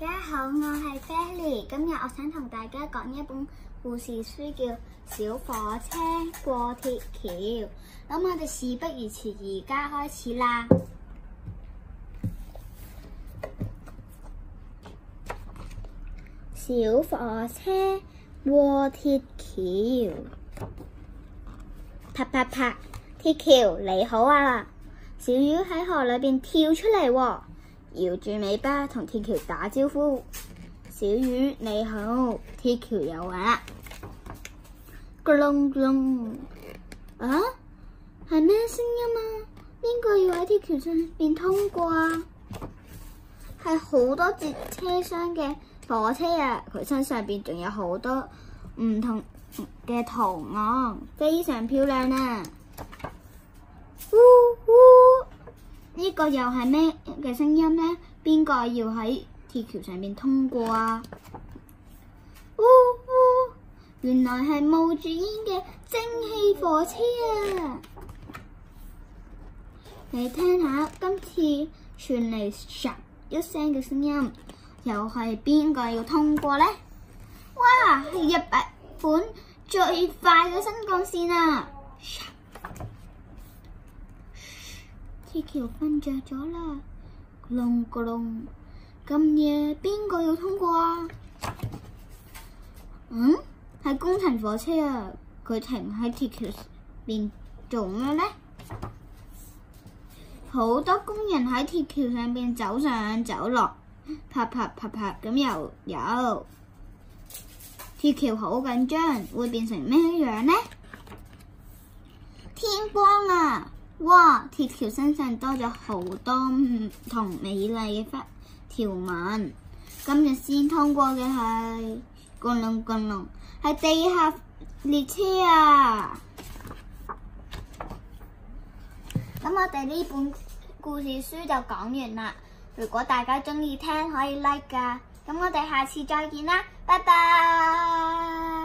大家好，我係 Ferry，今日我想同大家講一本故事書，叫《小火車過鐵橋》。咁、嗯、我哋事不宜遲，而家開始啦。小火車過鐵橋，啪啪啪，鐵橋你好啊！小魚喺河裏邊跳出嚟喎、哦。搖住尾巴同鐵橋打招呼，小魚你好，鐵橋有玩啦。咕隆咕隆，啊，係咩聲音啊？邊個要喺鐵橋上面通過啊？係好多節車廂嘅火車啊！佢身上邊仲有好多唔同嘅圖案，非常漂亮啊！呢個又係咩嘅聲音呢？邊個要喺鐵橋上面通過啊？嗚、哦、嗚、哦，原來係冒住煙嘅蒸汽火車啊！你聽下，今次傳嚟十一聲嘅聲音，又係邊個要通過呢？哇，係日本最快嘅新幹線啊！鐵橋瞓着咗啦，咕隆咕隆。今夜邊個要通過啊？嗯，係工程火車啊，佢停喺鐵橋上邊做咩呢？好多工人喺鐵橋上邊走上走落，啪啪啪啪咁又有。鐵橋好緊張，會變成咩樣呢？天光啦！哇！鐵橋身上多咗好多唔同美麗嘅花條紋，今日先通過嘅係，嗰兩嗰兩係地下列車啊！咁我哋呢本故事書就講完啦。如果大家中意聽，可以 like 噶、啊。咁我哋下次再見啦，拜拜。